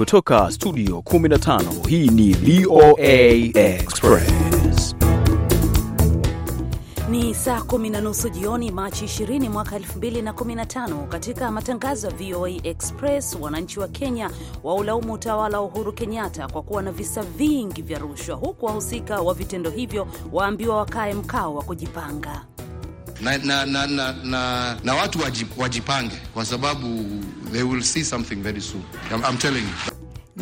Kutoka studio 15 hii ni VOA Express. Ni saa kumi na nusu jioni Machi 20 mwaka 2015. Katika matangazo ya VOA Express, wananchi wa Kenya waulaumu utawala wa Uhuru Kenyatta kwa kuwa na visa vingi vya rushwa, huku wahusika wa vitendo hivyo waambiwa wakae mkao wa kujipanga. Na, na, na, na, na, na watu wajipange kwa sababu they will see something very soon. I'm, I'm telling you.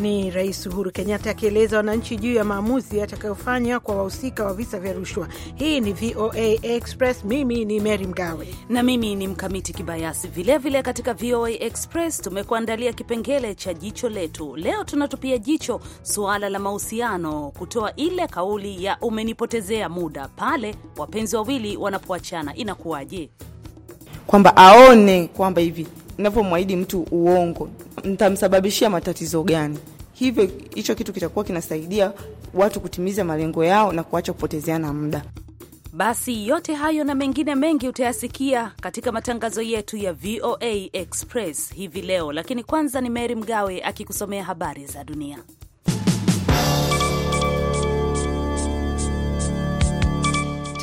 Ni Rais Uhuru Kenyatta akieleza wananchi juu ya maamuzi atakayofanya kwa wahusika wa visa vya rushwa. Hii ni VOA Express. Mimi ni Mary Mgawe na mimi ni Mkamiti Kibayasi. Vilevile katika VOA Express tumekuandalia kipengele cha jicho letu. Leo tunatupia jicho suala la mahusiano, kutoa ile kauli ya umenipotezea muda pale wapenzi wawili wanapoachana, inakuwaje? Kwamba aone kwamba hivi navyomwahidi mtu uongo nitamsababishia matatizo gani? Hivyo hicho kitu kitakuwa kinasaidia watu kutimiza malengo yao na kuacha kupotezeana muda. Basi yote hayo na mengine mengi utayasikia katika matangazo yetu ya VOA Express hivi leo, lakini kwanza ni mery Mgawe akikusomea habari za dunia.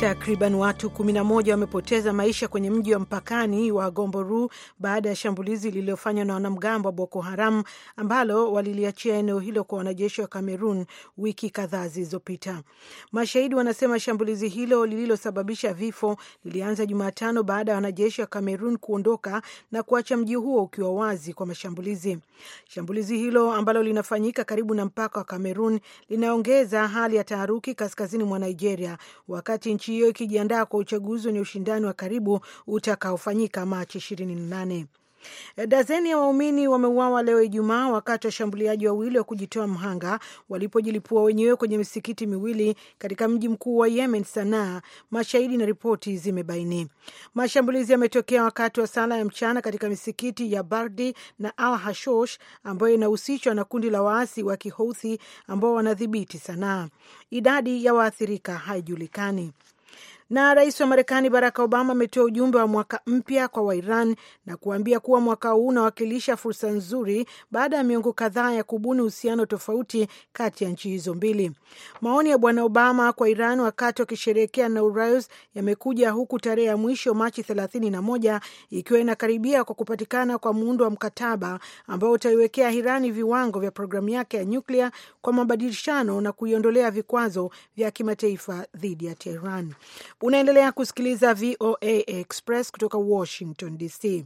Takriban watu 11 wamepoteza maisha kwenye mji wa mpakani wa Gomboru baada ya shambulizi lililofanywa na wanamgambo wa Boko Haram ambalo waliliachia eneo hilo kwa wanajeshi wa Kamerun wiki kadhaa zilizopita. Mashahidi wanasema shambulizi hilo lililosababisha vifo lilianza Jumatano baada ya wanajeshi wa Kamerun kuondoka na kuacha mji huo ukiwa wazi kwa mashambulizi. Shambulizi hilo ambalo linafanyika karibu na mpaka wa Kamerun linaongeza hali ya taharuki kaskazini mwa Nigeria wakati nchi hiyo ikijiandaa kwa uchaguzi wenye ushindani wa karibu utakaofanyika Machi nane. Dazeni ya waumini wameuawa leo Ijumaa wakati washambuliaji wawili wa kujitoa mhanga walipojilipua wenyewe kwenye misikiti miwili katika mji mkuu wa Yemen, Sanaa, mashahidi na ripoti zimebaini. Mashambulizi yametokea wakati wa sala ya mchana katika misikiti ya Bardi na Al Hashosh ambayo inahusishwa na kundi la waasi wa Kihouthi ambao wanadhibiti Sanaa. Idadi ya waathirika haijulikani. Na rais wa Marekani Barack Obama ametoa ujumbe wa mwaka mpya kwa Wairan na kuambia kuwa mwaka huu unawakilisha fursa nzuri baada ya miongo kadhaa ya kubuni uhusiano tofauti kati ya nchi hizo mbili. Maoni ya bwana Obama kwa Iran wakati wakisherehekea Nowruz yamekuja huku tarehe ya mwisho Machi 31 ikiwa inakaribia kwa kupatikana kwa muundo wa mkataba ambao utaiwekea Irani viwango vya programu yake ya nyuklia kwa mabadilishano na kuiondolea vikwazo vya kimataifa dhidi ya Tehran. Unaendelea kusikiliza VOA Express kutoka Washington DC.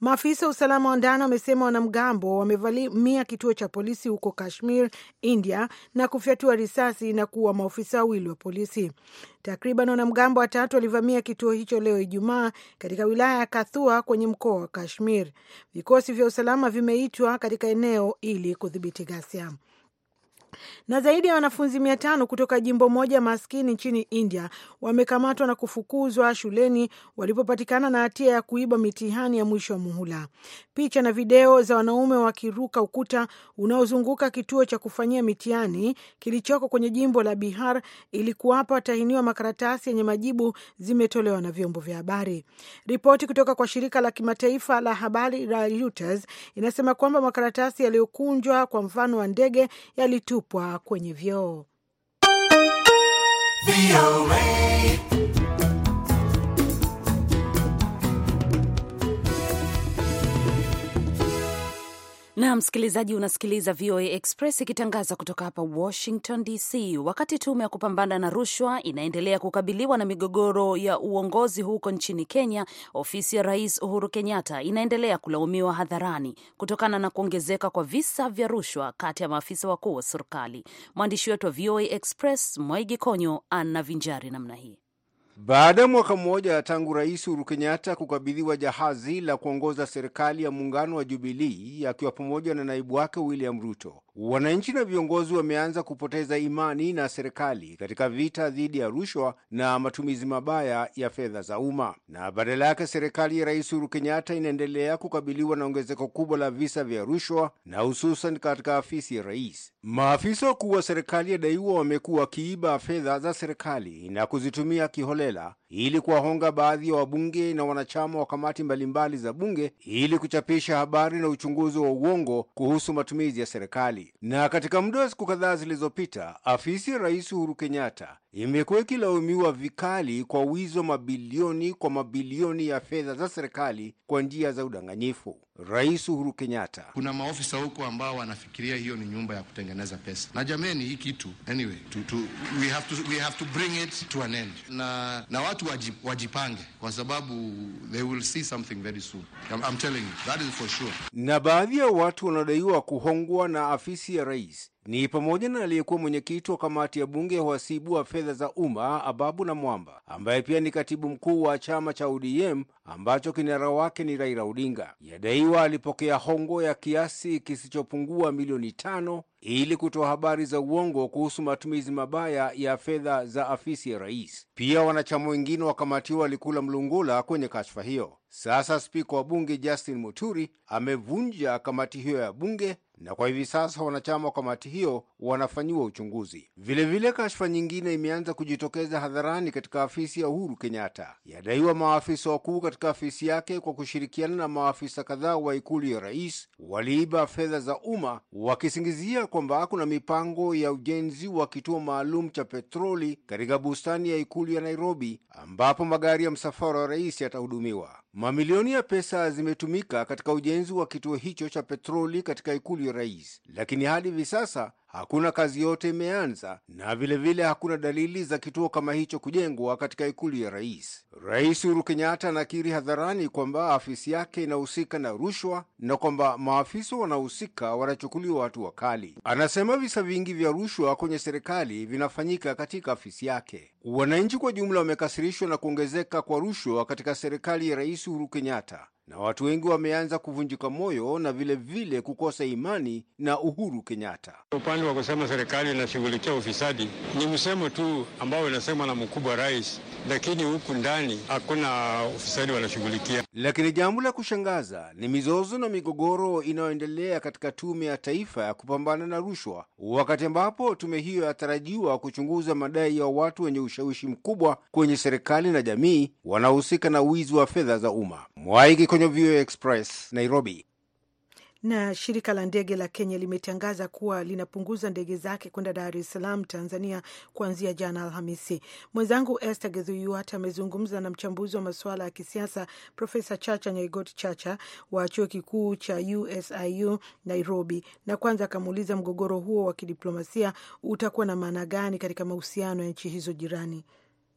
Maafisa wa usalama wa ndani wamesema wanamgambo wamevamia kituo cha polisi huko Kashmir, India, na kufyatua risasi na kuua maofisa wawili wa polisi. Takriban wanamgambo watatu walivamia kituo hicho leo Ijumaa katika wilaya ya Kathua kwenye mkoa wa Kashmir. Vikosi vya usalama vimeitwa katika eneo ili kudhibiti ghasia. Na zaidi ya wanafunzi mia tano kutoka jimbo moja maskini nchini India wamekamatwa na kufukuzwa shuleni walipopatikana na hatia ya kuiba mitihani ya mwisho wa muhula. Picha na video za wanaume wakiruka ukuta unaozunguka kituo cha kufanyia mitihani kilichoko kwenye jimbo la Bihar ili kuwapa watahiniwa makaratasi yenye majibu zimetolewa na vyombo vya habari. Ripoti kutoka kwa shirika la kimataifa la habari la Reuters inasema kwamba makaratasi yaliyokunjwa, kwa mfano wa ndege, yalitu kutupwa kwenye vyoo. na msikilizaji, unasikiliza VOA Express ikitangaza kutoka hapa Washington DC. Wakati tume ya kupambana na rushwa inaendelea kukabiliwa na migogoro ya uongozi huko nchini Kenya, ofisi ya Rais Uhuru Kenyatta inaendelea kulaumiwa hadharani kutokana na kuongezeka kwa visa vya rushwa kati ya maafisa wakuu wa serikali. Mwandishi wetu wa VOA Express Mwaigi Konyo anavinjari namna hii. Baada ya mwaka mmoja tangu Rais Uhuru Kenyatta kukabidhiwa jahazi la kuongoza serikali ya muungano wa Jubilii akiwa pamoja na naibu wake William Ruto, wananchi na viongozi wameanza kupoteza imani na serikali katika vita dhidi ya rushwa na matumizi mabaya ya fedha za umma, na badala yake serikali ya Rais Uhuru Kenyatta inaendelea kukabiliwa na ongezeko kubwa la visa vya rushwa na hususan katika afisi ya rais. Maafisa wakuu wa serikali yadaiwa wamekuwa wakiiba fedha za serikali na kuzitumia kiholela là, ili kuwahonga baadhi ya wa wabunge na wanachama wa kamati mbalimbali za bunge ili kuchapisha habari na uchunguzi wa uongo kuhusu matumizi ya serikali. Na katika muda wa siku kadhaa zilizopita, afisi ya Rais Uhuru Kenyatta imekuwa ikilaumiwa vikali kwa wizi wa mabilioni kwa mabilioni ya fedha za serikali kwa njia za udanganyifu. Rais Uhuru Kenyatta: kuna maofisa huko ambao wanafikiria hiyo ni nyumba ya kutengeneza pesa, na jameni, hii kitu anyway, to, to, we have to, we have to bring it to an end. na, na watu watu wajipange kwa sababu they will see something very soon. I'm, I'm telling you, that is for sure. Na baadhi ya watu wanadaiwa kuhongwa na afisi ya rais ni pamoja na aliyekuwa mwenyekiti wa kamati ya bunge ya uhasibu wa fedha za umma Ababu na Mwamba, ambaye pia ni katibu mkuu wa chama cha ODM ambacho kinara wake ni Raila Odinga. Yadaiwa alipokea hongo ya kiasi kisichopungua milioni tano ili kutoa habari za uongo kuhusu matumizi mabaya ya fedha za afisi ya rais. Pia wanachama wengine wa kamati hiyo walikula mlungula kwenye kashfa hiyo. Sasa spika wa bunge Justin Muturi amevunja kamati hiyo ya bunge na kwa hivi sasa wanachama wa kamati hiyo wanafanyiwa uchunguzi. Vilevile, kashfa nyingine imeanza kujitokeza hadharani katika afisi ya Uhuru Kenyatta. Yadaiwa maafisa wakuu katika afisi yake kwa kushirikiana na maafisa kadhaa wa ikulu ya rais waliiba fedha za umma wakisingizia kwamba kuna mipango ya ujenzi wa kituo maalum cha petroli katika bustani ya ikulu ya Nairobi ambapo magari ya msafara wa rais yatahudumiwa. Mamilioni ya pesa zimetumika katika ujenzi wa kituo hicho cha petroli katika ikulu ya rais, lakini hadi hivi sasa hakuna kazi yote imeanza na vilevile vile hakuna dalili za kituo kama hicho kujengwa katika ikulu ya rais. Rais Uhuru Kenyatta anakiri hadharani kwamba afisi yake inahusika na rushwa na kwamba maafisa wanaohusika wanachukuliwa hatua kali. Anasema visa vingi vya rushwa kwenye serikali vinafanyika katika afisi yake. Wananchi kwa jumla wamekasirishwa na kuongezeka kwa rushwa katika serikali ya Rais Uhuru Kenyatta na watu wengi wameanza kuvunjika moyo na vilevile vile kukosa imani na Uhuru Kenyatta. Upande wa kusema serikali inashughulikia ufisadi ni msemo tu ambao unasemwa na mkubwa rais, lakini huku ndani hakuna ufisadi wanashughulikia. Lakini jambo la kushangaza ni mizozo na migogoro inayoendelea katika Tume ya Taifa ya Kupambana na Rushwa, wakati ambapo tume hiyo yatarajiwa kuchunguza madai ya watu wenye ushawishi mkubwa kwenye serikali na jamii wanaohusika na wizi wa fedha za umma. Mwaiki kwenye VOA Express, Nairobi. Na shirika la ndege la Kenya limetangaza kuwa linapunguza ndege zake kwenda Dar es Salaam, Tanzania, kuanzia jana Alhamisi. Mwenzangu Esther Githuyuat amezungumza na mchambuzi wa masuala ya kisiasa Profesa Chacha Nyaigoti Chacha wa chuo kikuu cha USIU Nairobi, na kwanza akamuuliza mgogoro huo wa kidiplomasia utakuwa na maana gani katika mahusiano ya nchi hizo jirani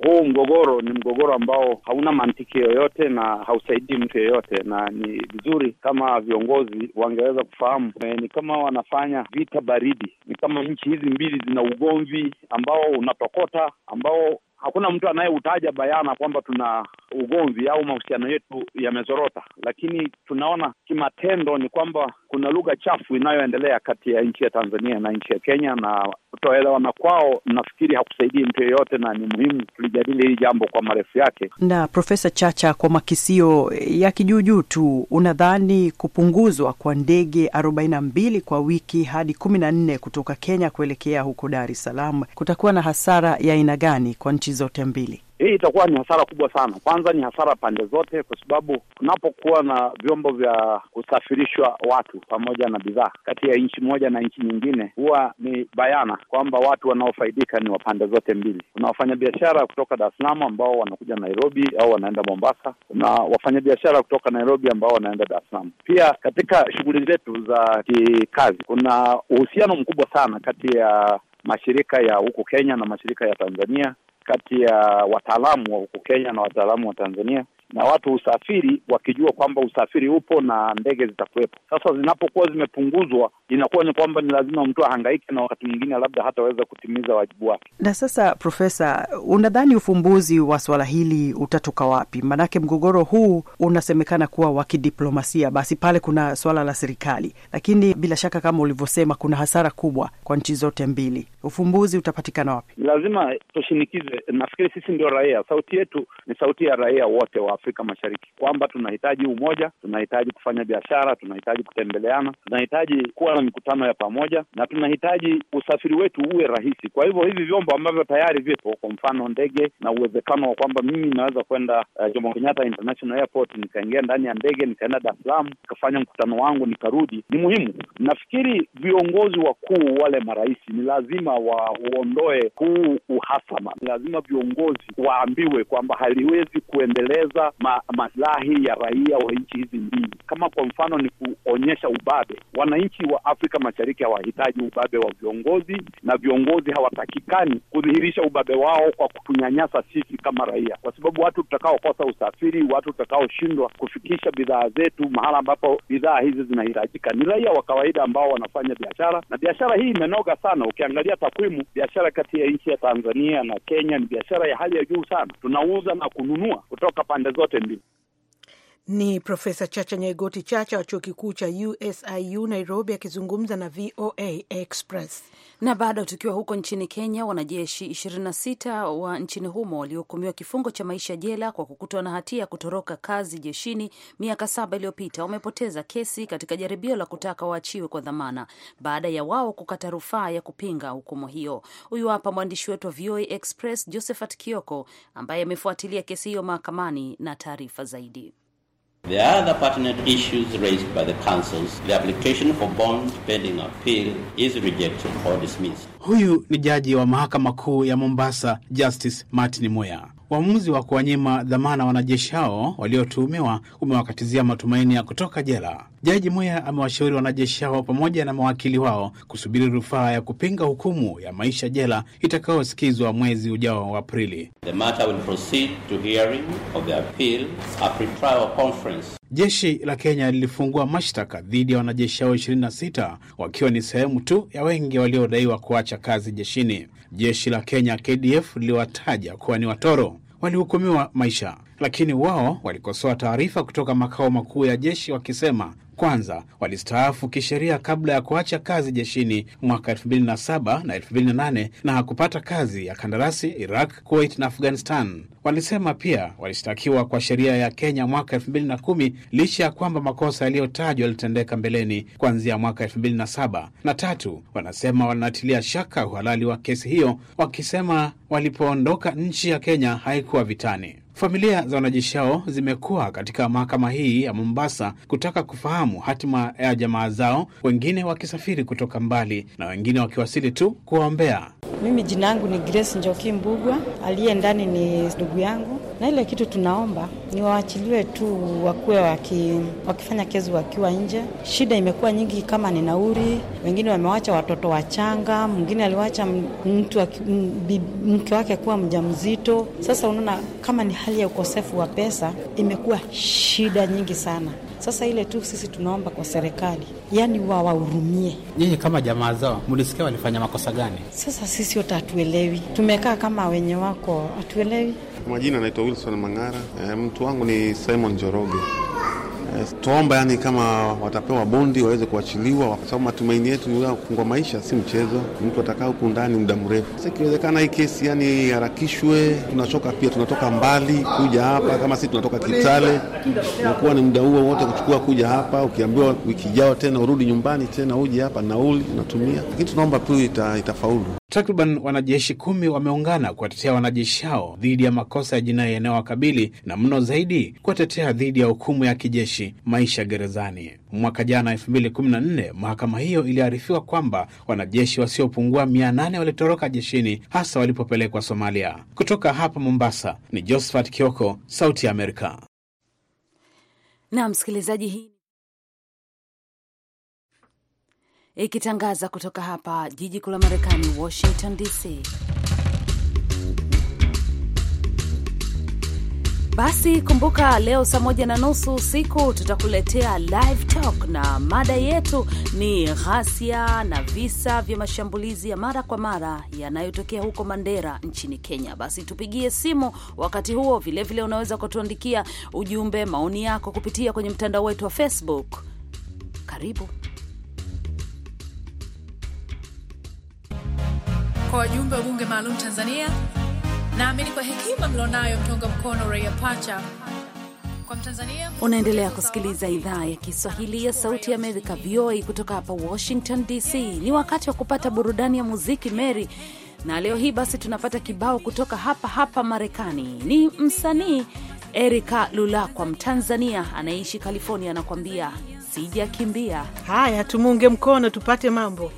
huu mgogoro ni mgogoro ambao hauna mantiki yoyote na hausaidii mtu yoyote na ni vizuri kama viongozi wangeweza kufahamu e, ni kama wanafanya vita baridi. Ni kama nchi hizi mbili zina ugomvi ambao unatokota, ambao hakuna mtu anayeutaja bayana kwamba tuna ugomvi au mahusiano yetu yamezorota, lakini tunaona kimatendo ni kwamba kuna lugha chafu inayoendelea kati ya nchi ya Tanzania na nchi ya Kenya, na kutoelewana kwao nafikiri hakusaidii mtu yeyote, na ni muhimu tulijadili hili jambo kwa marefu yake. Na Profesa Chacha, kwa makisio ya kijuujuu tu, unadhani kupunguzwa kwa ndege arobaini na mbili kwa wiki hadi kumi na nne kutoka Kenya kuelekea huko Dar es Salaam kutakuwa na hasara ya aina gani kwa nchi nchi zote mbili? Hii itakuwa ni hasara kubwa sana. Kwanza ni hasara pande zote, kwa sababu kunapokuwa na vyombo vya kusafirishwa watu pamoja na bidhaa kati ya nchi moja na nchi nyingine, huwa ni bayana kwamba watu wanaofaidika ni wa pande zote mbili. Kuna wafanyabiashara kutoka Dar es Salaam ambao wanakuja Nairobi au wanaenda Mombasa, kuna wafanyabiashara kutoka Nairobi ambao wanaenda Dar es Salaam. Pia katika shughuli zetu za kikazi, kuna uhusiano mkubwa sana kati ya mashirika ya huku Kenya na mashirika ya Tanzania kati ya wataalamu wa huku Kenya na wataalamu wa Tanzania na watu usafiri wakijua kwamba usafiri upo na ndege zitakuwepo. Sasa zinapokuwa zimepunguzwa, inakuwa ni kwamba ni lazima mtu ahangaike na wakati mwingine labda hataweza kutimiza wajibu wake. Na sasa, Profesa, unadhani ufumbuzi wa swala hili utatoka wapi? Maanake mgogoro huu unasemekana kuwa wa kidiplomasia, basi pale kuna swala la serikali, lakini bila shaka kama ulivyosema, kuna hasara kubwa kwa nchi zote mbili ufumbuzi utapatikana wapi? Lazima tushinikize. Nafikiri sisi ndio raia, sauti yetu ni sauti ya raia wote wa Afrika Mashariki, kwamba tunahitaji umoja, tunahitaji kufanya biashara, tunahitaji kutembeleana, tunahitaji kuwa na mikutano ya pamoja, na tunahitaji usafiri wetu uwe rahisi. Kwa hivyo hivi vyombo ambavyo tayari vipo, kwa mfano ndege, na uwezekano wa kwamba mimi naweza kwenda uh, Jomo Kenyatta International Airport, nikaingia ndani ya ndege, nikaenda Dar es Salaam, nikafanya mkutano wangu, nikarudi, ni muhimu. Nafikiri viongozi wakuu wale marais ni lazima lazima wauondoe huu uhasama. Lazima viongozi waambiwe kwamba haliwezi kuendeleza ma, masilahi ya raia wa nchi hizi mbili. Kama kwa mfano ni kuonyesha ubabe, wananchi wa Afrika Mashariki hawahitaji ubabe wa viongozi, na viongozi hawatakikani kudhihirisha ubabe wao kwa kutunyanyasa sisi kama raia, kwa sababu watu tutakaokosa usafiri, watu tutakaoshindwa kufikisha bidhaa zetu mahala ambapo bidhaa hizi zinahitajika ni raia wa kawaida ambao wanafanya biashara, na biashara hii imenoga sana. Ukiangalia takwimu, biashara kati ya nchi ya Tanzania na Kenya ni biashara ya hali ya juu sana. Tunauza na kununua kutoka pande zote mbili. Ni Profesa Chacha Nyaigoti Chacha wa chuo kikuu cha USIU Nairobi akizungumza na VOA Express. Na bado tukiwa huko nchini Kenya, wanajeshi 26 wa nchini humo waliohukumiwa kifungo cha maisha jela kwa kukutwa na hatia ya kutoroka kazi jeshini miaka saba iliyopita wamepoteza kesi katika jaribio la kutaka waachiwe kwa dhamana baada ya wao kukata rufaa ya kupinga hukumu hiyo. Huyu hapa mwandishi wetu wa VOA Express Josephat Kioko ambaye amefuatilia kesi hiyo mahakamani na taarifa zaidi. The other pertinent issues raised by the councils, the application for bond pending appeal is rejected or dismissed. Huyu ni jaji wa mahakama kuu ya Mombasa, Justice Martin Moya. Uamuzi wa kuwanyima dhamana wanajeshi hao waliotuhumiwa umewakatizia matumaini ya kutoka jela. Jaji Muya amewashauri wanajeshi hao pamoja na mawakili wao kusubiri rufaa ya kupinga hukumu ya maisha jela itakayosikizwa mwezi ujao wa Aprili. Jeshi la Kenya lilifungua mashtaka dhidi ya wanajeshi hao 26 wakiwa ni sehemu tu ya wengi waliodaiwa kuacha kazi jeshini. Jeshi la Kenya KDF liliwataja kuwa ni watoro walihukumiwa maisha, lakini wao walikosoa taarifa kutoka makao makuu ya jeshi wakisema kwanza walistaafu kisheria kabla ya kuacha kazi jeshini mwaka 27 na 28 na hakupata kazi ya kandarasi Iraq, Kuwait na Afghanistan. Walisema pia walishtakiwa kwa sheria ya Kenya mwaka 2010 licha ya kwamba makosa yaliyotajwa yalitendeka mbeleni kuanzia mwaka 27 Na tatu, wanasema wanatilia shaka uhalali wa kesi hiyo wakisema walipoondoka nchi ya Kenya haikuwa vitani. Familia za wanajeshi hao zimekuwa katika mahakama hii ya Mombasa kutaka kufahamu hatima ya jamaa zao, wengine wakisafiri kutoka mbali na wengine wakiwasili tu kuwaombea. Mimi jina yangu ni Grace Njoki Mbugwa, aliye ndani ni ndugu yangu na ile kitu tunaomba ni waachiliwe tu, wakuwe waki, wakifanya kazi wakiwa nje. Shida imekuwa nyingi, kama ni nauri, wengine wamewacha watoto wachanga, mwingine aliwacha mtu mke wake kuwa mja mzito Sasa unaona kama ni hali ya ukosefu wa pesa, imekuwa shida nyingi sana. Sasa ile tu sisi tunaomba kwa serikali, yani wawahurumie. Nyinyi kama jamaa zao mlisikia walifanya makosa gani? Sasa sisi wote hatuelewi, tumekaa kama wenye wako hatuelewi. Majina anaitwa Wilson Mang'ara. E, mtu wangu ni Simon Joroge. Eh, tuomba yani kama watapewa bondi waweze kuachiliwa, kwa sababu matumaini yetu ya kufungwa maisha si mchezo. Mtu atakaa huku ndani muda mrefu. Sasa ikiwezekana hii kesi yani iharakishwe, tunachoka pia, tunatoka mbali kuja hapa, kama si tunatoka Kitale, nakuwa ni muda huo wote kuchukua kuja hapa. Ukiambiwa wiki ijao tena urudi nyumbani tena uje hapa, nauli unatumia, lakini tunaomba tu ita, itafaulu. Takriban wanajeshi kumi wameungana kuwatetea wanajeshi hao dhidi ya makosa ya jinai yanayowakabili na mno zaidi kuwatetea dhidi ya hukumu ya kijeshi, maisha gerezani. Mwaka jana 2014 mahakama hiyo iliarifiwa kwamba wanajeshi wasiopungua 800 walitoroka jeshini, hasa walipopelekwa Somalia. Kutoka hapa Mombasa ni Josephat Kioko, Sauti ya Amerika. Na msikilizaji hii ikitangaza kutoka hapa jiji kuu la Marekani, Washington DC. Basi kumbuka, leo saa moja na nusu usiku tutakuletea live talk, na mada yetu ni ghasia na visa vya mashambulizi ya mara kwa mara yanayotokea huko Mandera nchini Kenya. Basi tupigie simu wakati huo. Vilevile vile unaweza kutuandikia ujumbe, maoni yako kupitia kwenye mtandao wetu wa Facebook. Karibu. kwa wajumbe wa bunge maalum Tanzania. Naamini kwa hekima mlionayo mtonga mkono raia pacha kwa Mtanzania. Unaendelea kusikiliza idhaa ya Kiswahili ya Sauti ya Amerika, VOA, kutoka hapa Washington DC. Ni wakati wa kupata burudani ya muziki Mary, na leo hii basi tunapata kibao kutoka hapa hapa Marekani. Ni msanii Erika Lulakwa, Mtanzania anayeishi California, anakuambia sijakimbia. Haya, tumunge mkono tupate mambo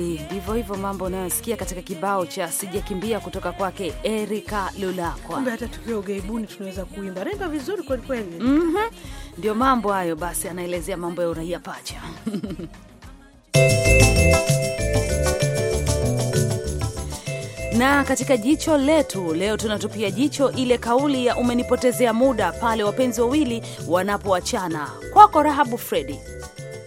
basi ndivyo hivyo mambo unayosikia katika kibao cha sijakimbia kutoka kwake Erika Lulakwa. Kumbe hata tukiwa ugaibuni tunaweza kuimba remba vizuri kwelikweli. mm -hmm. Ndio mambo hayo, basi anaelezea mambo ya uraia pacha na katika jicho letu leo tunatupia jicho ile kauli ya umenipotezea muda pale wapenzi wawili wanapoachana. Kwako Rahabu Fredi.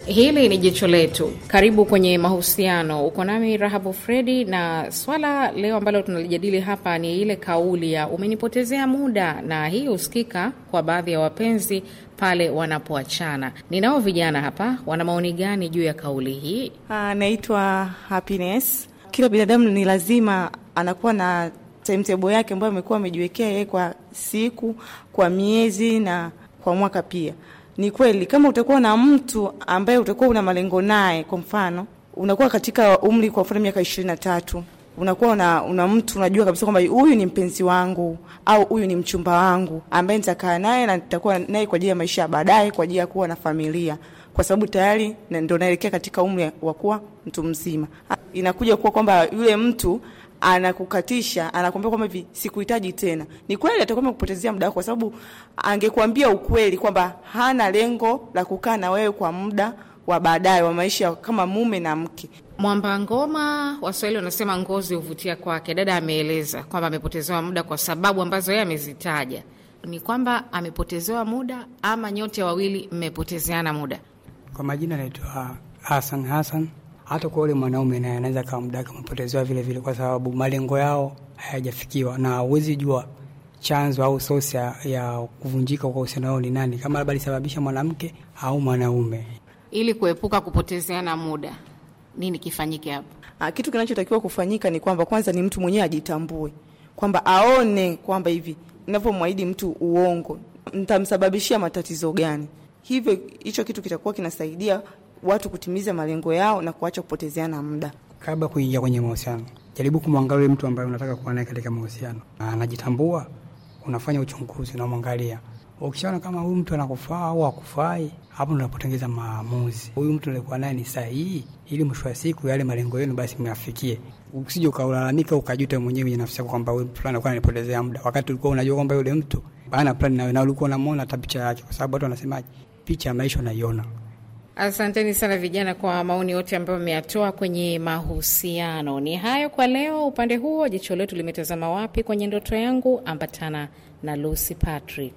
Hili ni jicho letu. Karibu kwenye mahusiano, uko nami Rahabu Fredi, na swala leo ambalo tunalijadili hapa ni ile kauli ya umenipotezea muda, na hii husikika kwa baadhi ya wapenzi pale wanapoachana. Ninao vijana hapa, wana maoni gani juu ya kauli hii? Anaitwa ah, Happiness. Kila binadamu ni lazima anakuwa na timetable yake ambayo amekuwa amejiwekea yeye kwa siku, kwa miezi na kwa mwaka pia. Ni kweli kama utakuwa na mtu ambaye utakuwa una malengo naye, kwa mfano unakuwa katika umri, kwa mfano miaka ishirini na tatu unakuwa una, una mtu unajua kabisa kwamba huyu ni mpenzi wangu au huyu ni mchumba wangu ambaye nitakaa naye na nitakuwa naye kwa ajili ya maisha ya baadaye, kwa ajili ya kuwa na familia, kwa sababu tayari ndo naelekea katika umri wa kuwa mtu mzima. Inakuja kuwa kwamba yule mtu anakukatisha, anakuambia kwamba hivi sikuhitaji tena, ni kweli atakwambia kupotezea muda wako, kwa sababu angekuambia ukweli kwamba hana lengo la kukaa na wewe kwa muda wa baadaye wa maisha kama mume na mke. Mwamba ngoma, Waswahili wanasema ngozi huvutia kwake. Dada ameeleza kwamba amepotezewa muda kwa sababu ambazo yeye amezitaja. Ni kwamba amepotezewa muda ama nyote wawili mmepotezeana muda? Kwa majina anaitwa Hasan Hasan hata kwa yule mwanaume naye anaweza kumdaka mpotezewa vile vile, kwa sababu malengo yao hayajafikiwa na hawezi jua chanzo au sosa ya kuvunjika kwa uhusiano wao ni nani, kama labda alisababisha mwanamke au mwanaume. Ili kuepuka kupotezeana muda, nini kifanyike hapo? Ah, kitu kinachotakiwa kufanyika ni kwamba kwanza ni mtu mwenyewe ajitambue, kwamba aone kwamba hivi ninavyomwahidi mtu uongo ntamsababishia matatizo gani. Hivyo hicho kitu kitakuwa kinasaidia watu kutimiza malengo yao na kuacha kupotezeana muda. Kabla kuingia kwenye mahusiano, jaribu kumwangalia mtu ambaye unataka kuwa naye katika mahusiano, anajitambua. Unafanya uchunguzi, unamwangalia. Ukishaona kama huyu mtu anakufaa au akufai, hapo ndo unapotengeza maamuzi, huyu mtu alikuwa naye ni sahihi, ili mwisho wa siku yale malengo yenu basi myafikie. Usije ukalalamika ukajuta mwenyewe kwenye nafsi yako kwamba huyu mtu fulani alikuwa ananipotezea muda, wakati ulikuwa unajua kwamba yule mtu ana plani nawe, na ulikuwa unamwona hata picha yake, kwa sababu watu wanasemaje, picha ya maisha unaiona Asanteni sana vijana kwa maoni yote ambayo mmeyatoa kwenye mahusiano. Ni hayo kwa leo. Upande huo jicho letu limetazama wapi kwenye ndoto yangu? Ambatana na Lucy Patrick.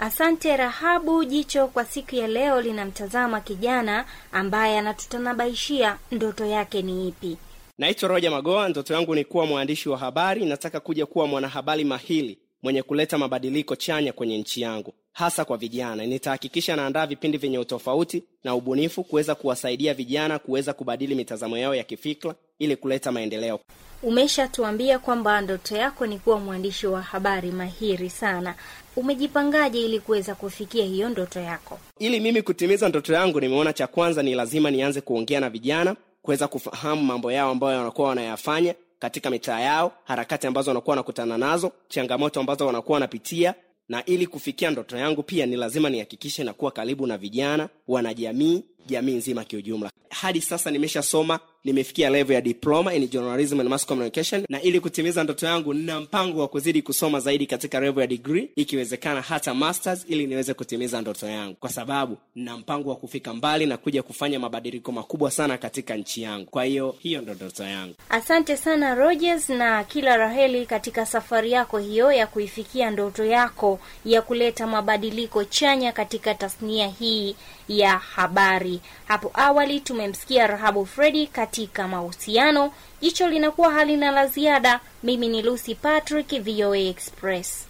Asante Rahabu. Jicho kwa siku ya leo linamtazama kijana ambaye anatutanabaishia ndoto yake ni ipi. Naitwa Roja Magoa. Ndoto yangu ni kuwa mwandishi wa habari. Nataka kuja kuwa mwanahabari mahili mwenye kuleta mabadiliko chanya kwenye nchi yangu hasa kwa vijana. Nitahakikisha naandaa vipindi vyenye utofauti na ubunifu kuweza kuwasaidia vijana kuweza kubadili mitazamo yao ya kifikra ili kuleta maendeleo. Umeshatuambia kwamba ndoto yako ni kuwa mwandishi wa habari mahiri sana. Umejipangaje ili kuweza kufikia hiyo ndoto yako? Ili mimi kutimiza ndoto yangu, nimeona cha kwanza ni lazima nianze kuongea na vijana, kuweza kufahamu mambo yao ambayo wanakuwa wanayafanya katika mitaa yao, harakati ambazo wanakuwa wanakutana nazo, changamoto ambazo wanakuwa wanapitia na ili kufikia ndoto yangu pia ni lazima nihakikishe nakuwa karibu na vijana, wanajamii jamii nzima kiujumla. Hadi sasa nimeshasoma, nimefikia level ya diploma in journalism and mass communication, na ili kutimiza ndoto yangu, nina mpango wa kuzidi kusoma zaidi katika level ya degree, ikiwezekana hata masters, ili niweze kutimiza ndoto yangu, kwa sababu nina mpango wa kufika mbali na kuja kufanya mabadiliko makubwa sana katika nchi yangu. Kwa hiyo hiyo ndo ndoto yangu. Asante sana Rogers, na kila raheli katika safari yako hiyo ya kuifikia ndoto yako ya kuleta mabadiliko chanya katika tasnia hii ya habari. Hapo awali tumemsikia Rahabu Fredi katika mahusiano, jicho linakuwa halina la ziada. Mimi ni Lucy Patrick, VOA Express.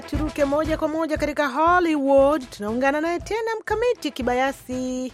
turuke moja kwa moja katika Hollywood, tunaungana naye tena Mkamiti Kibayasi.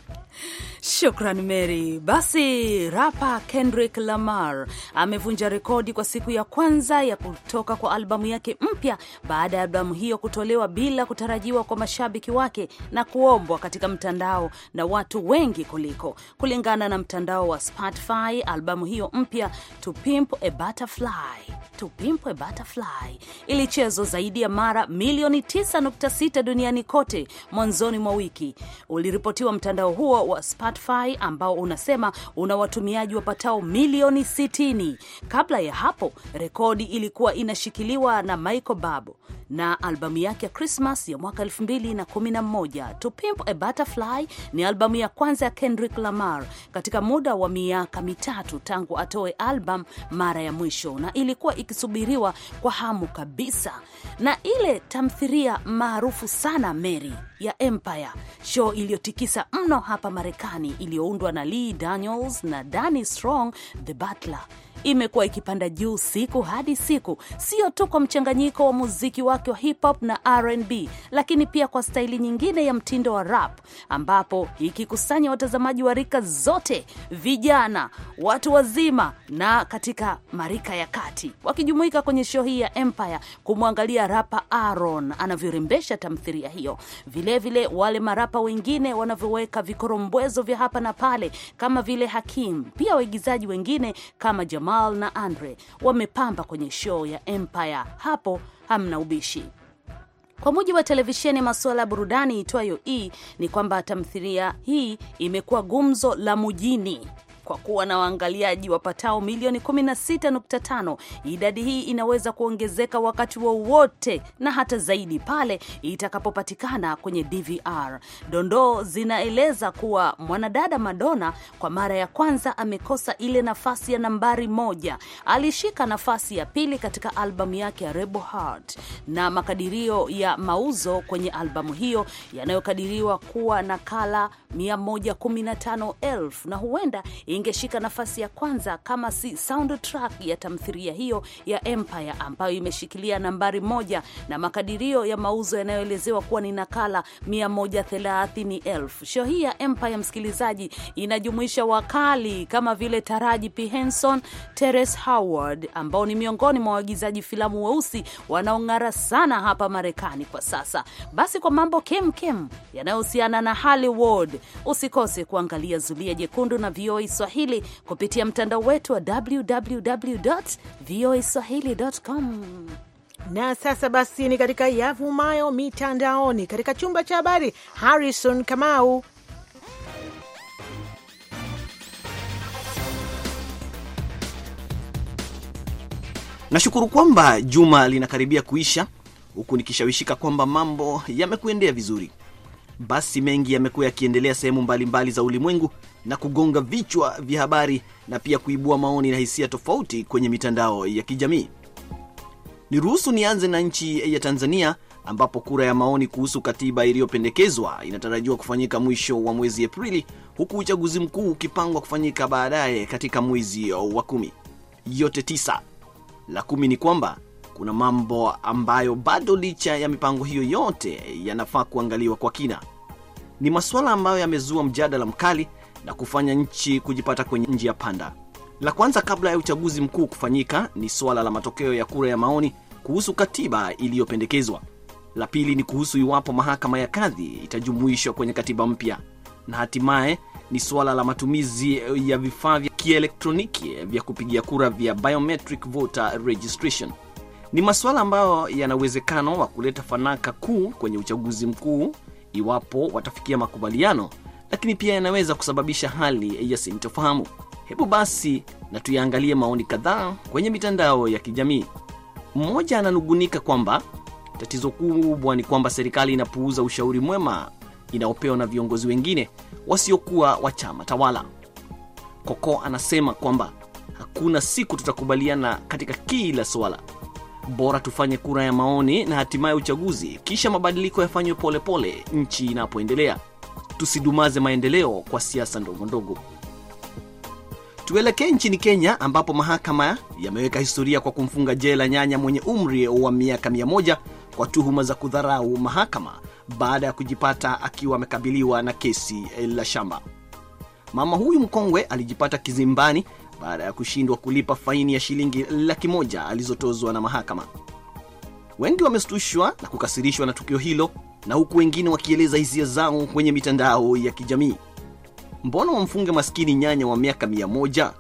Shukran Mary. Basi rapa Kendrick Lamar amevunja rekodi kwa siku ya kwanza ya kutoka kwa albamu yake mpya baada ya albamu hiyo kutolewa bila kutarajiwa kwa mashabiki wake na kuombwa katika mtandao na watu wengi kuliko. Kulingana na mtandao wa Spotify, albamu hiyo mpya To Pimp a Butterfly, To Pimp a Butterfly ilichezwa zaidi ya mara mara milioni 9.6 duniani kote mwanzoni mwa wiki, uliripotiwa mtandao huo wa Spotify ambao unasema una watumiaji wapatao milioni 60. Kabla ya hapo, rekodi ilikuwa inashikiliwa na Michael Babo na albamu yake ya Christmas ya mwaka 2011. To Pimp a Butterfly ni albamu ya kwanza ya Kendrick Lamar katika muda wa miaka mitatu tangu atoe album mara ya mwisho, na ilikuwa ikisubiriwa kwa hamu kabisa. Na ile tamthiria maarufu sana Mary ya Empire, show iliyotikisa mno hapa Marekani, iliyoundwa na Lee Daniels na Danny Strong the Butler imekuwa ikipanda juu siku hadi siku, sio tu kwa mchanganyiko wa muziki wake wa hip hop na RnB, lakini pia kwa staili nyingine ya mtindo wa rap, ambapo ikikusanya watazamaji wa rika zote, vijana, watu wazima na katika marika ya kati, wakijumuika kwenye show hii ya Empire kumwangalia rapa Aaron anavyorembesha tamthiria hiyo, vilevile vile wale marapa wengine wanavyoweka vikorombwezo vya hapa na pale kama vile Hakim, pia waigizaji wengine kama Jamal Jamal na Andre wamepamba kwenye show ya Empire. Hapo hamna ubishi. Kwa mujibu wa televisheni masuala ya burudani itwayo E ni kwamba tamthilia hii imekuwa gumzo la mujini kwa kuwa na waangaliaji wapatao milioni 16.5, idadi hii inaweza kuongezeka wakati wowote wa na hata zaidi pale itakapopatikana kwenye DVR. Dondoo zinaeleza kuwa mwanadada Madonna kwa mara ya kwanza amekosa ile nafasi ya nambari moja. Alishika nafasi ya pili katika albamu yake ya Rebel Heart, na makadirio ya mauzo kwenye albamu hiyo yanayokadiriwa kuwa nakala 115,000 na huenda ingeshika nafasi ya kwanza kama si soundtrack ya tamthiria hiyo ya Empire ambayo imeshikilia nambari moja na makadirio ya mauzo yanayoelezewa kuwa ni nakala 130,000. Show hii ya Empire, msikilizaji, inajumuisha wakali kama vile Taraji P. Henson, Terrence Howard ambao ni miongoni mwa waigizaji filamu weusi wanaong'ara sana hapa Marekani kwa sasa. Basi kwa mambo kemkem yanayohusiana na Hollywood usikose kuangalia Zulia Jekundu na VOA Swahili kupitia mtandao wetu wa www.voaswahili.com. Na sasa basi ni katika yavumayo mitandaoni, katika chumba cha habari, Harrison Kamau. Nashukuru kwamba juma linakaribia kuisha, huku nikishawishika kwamba mambo yamekuendea vizuri basi mengi yamekuwa yakiendelea sehemu mbalimbali za ulimwengu na kugonga vichwa vya habari na pia kuibua maoni na hisia tofauti kwenye mitandao ya kijamii. ni ruhusu nianze na nchi ya Tanzania ambapo kura ya maoni kuhusu katiba iliyopendekezwa inatarajiwa kufanyika mwisho wa mwezi Aprili, huku uchaguzi mkuu ukipangwa kufanyika baadaye katika mwezi wa kumi. Yote tisa. La kumi ni kwamba kuna mambo ambayo bado licha ya mipango hiyo yote yanafaa kuangaliwa kwa kina. Ni masuala ambayo yamezua mjadala mkali na kufanya nchi kujipata kwenye njia panda. La kwanza kabla ya uchaguzi mkuu kufanyika ni suala la matokeo ya kura ya maoni kuhusu katiba iliyopendekezwa. La pili ni kuhusu iwapo mahakama ya kadhi itajumuishwa kwenye katiba mpya, na hatimaye ni suala la matumizi ya vifaa vya kielektroniki vya kupigia kura vya biometric voter registration. Ni masuala ambayo yana uwezekano wa kuleta fanaka kuu kwenye uchaguzi mkuu iwapo watafikia makubaliano, lakini pia yanaweza kusababisha hali ya sintofahamu. Hebu basi na tuyaangalie maoni kadhaa kwenye mitandao ya kijamii. Mmoja ananugunika kwamba tatizo kubwa ni kwamba serikali inapuuza ushauri mwema inaopewa na viongozi wengine wasiokuwa wa chama tawala. Koko anasema kwamba hakuna siku tutakubaliana katika kila swala, bora tufanye kura ya maoni na hatimaye uchaguzi, kisha mabadiliko yafanywe polepole nchi inapoendelea. Tusidumaze maendeleo kwa siasa ndogo ndogo. Tuelekee nchini Kenya ambapo mahakama yameweka historia kwa kumfunga jela nyanya mwenye umri wa miaka 1 kwa tuhuma za kudharau mahakama baada ya kujipata akiwa amekabiliwa na kesi la shamba. Mama huyu mkongwe alijipata kizimbani baada ya kushindwa kulipa faini ya shilingi laki moja alizotozwa na mahakama. Wengi wamestushwa na kukasirishwa na tukio hilo, na huku wengine wakieleza hisia zao kwenye mitandao ya kijamii. Mbona wamfunge maskini nyanya wa miaka mia moja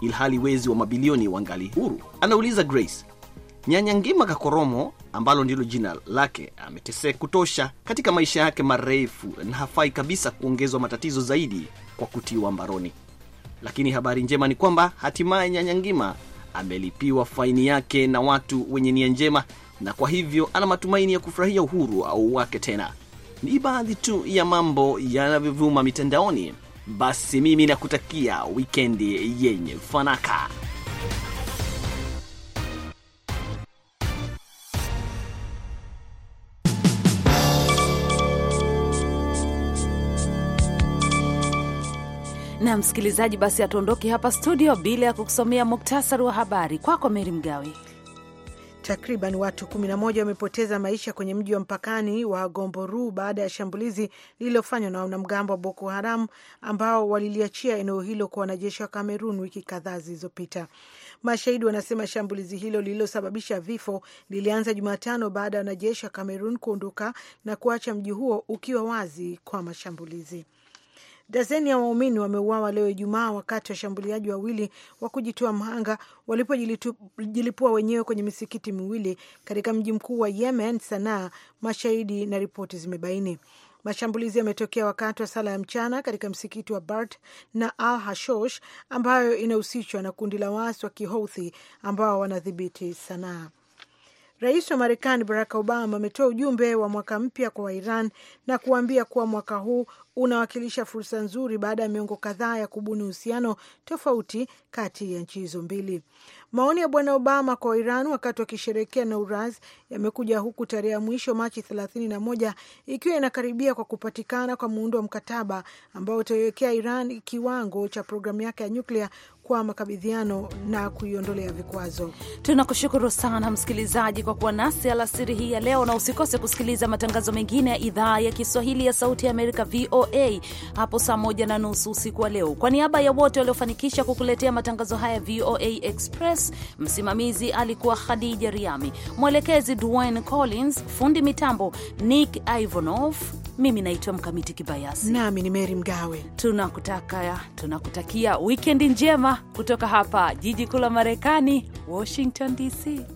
ilhali wezi wa mabilioni wangali huru? Anauliza Grace. Nyanya Ngima Kakoromo, ambalo ndilo jina lake, ametesea kutosha katika maisha yake marefu na hafai kabisa kuongezwa matatizo zaidi kwa kutiwa mbaroni. Lakini habari njema ni kwamba hatimaye Nyanyangima amelipiwa faini yake na watu wenye nia njema, na kwa hivyo ana matumaini ya kufurahia uhuru au wake tena. Ni baadhi tu ya mambo yanavyovuma mitandaoni. Basi mimi nakutakia wikendi yenye fanaka. na msikilizaji, basi atuondoke hapa studio bila ya kukusomea muktasari wa habari kwako, Meri Mgawe. Takriban watu 11 wamepoteza maisha kwenye mji wa mpakani wa Gomboru baada ya shambulizi lililofanywa na wanamgambo wa Boko Haram ambao waliliachia eneo hilo kwa wanajeshi wa Kamerun wiki kadhaa zilizopita. Mashahidi wanasema shambulizi hilo lililosababisha vifo lilianza Jumatano baada ya wanajeshi wa Kamerun kuondoka na kuacha mji huo ukiwa wazi kwa mashambulizi. Dazeni ya waumini wameuawa leo Ijumaa wakati washambuliaji wawili wa kujitoa mhanga walipojilipua wenyewe kwenye misikiti miwili katika mji mkuu wa Yemen, Sanaa, mashahidi na ripoti zimebaini. Mashambulizi yametokea wakati wa sala ya mchana katika msikiti wa Bart na Al Hashosh ambayo inahusishwa na kundi la waasi wa Kihouthi ambao wanadhibiti Sanaa. Rais wa Marekani Barack Obama ametoa ujumbe wa mwaka mpya kwa Wairan na kuwaambia kuwa mwaka huu unawakilisha fursa nzuri baada ya miongo kadhaa ya kubuni uhusiano tofauti kati ya nchi hizo mbili. Maoni ya Bwana Obama kwa Wairan wakati wakisherehekea nauras yamekuja huku tarehe ya mwisho Machi 31 ikiwa inakaribia kwa kupatikana kwa muundo wa mkataba ambao utaiwekea Iran kiwango cha programu yake ya nyuklia kwa makabidhiano na kuiondolea vikwazo. Tunakushukuru sana msikilizaji kwa kuwa nasi alasiri hii ya leo, na usikose kusikiliza matangazo mengine ya idhaa ya Kiswahili ya Sauti ya Amerika, VOA, hapo saa moja na nusu usiku wa leo. Kwa niaba ya wote waliofanikisha kukuletea matangazo haya VOA Express, msimamizi alikuwa Khadija Riami, mwelekezi Dwayne Collins, fundi mitambo Nick ivanof mimi naitwa Mkamiti Kibayasi, nami ni Meri Mgawe. Tunakutaka tunakutakia wikendi njema kutoka hapa jiji kuu la Marekani, Washington DC.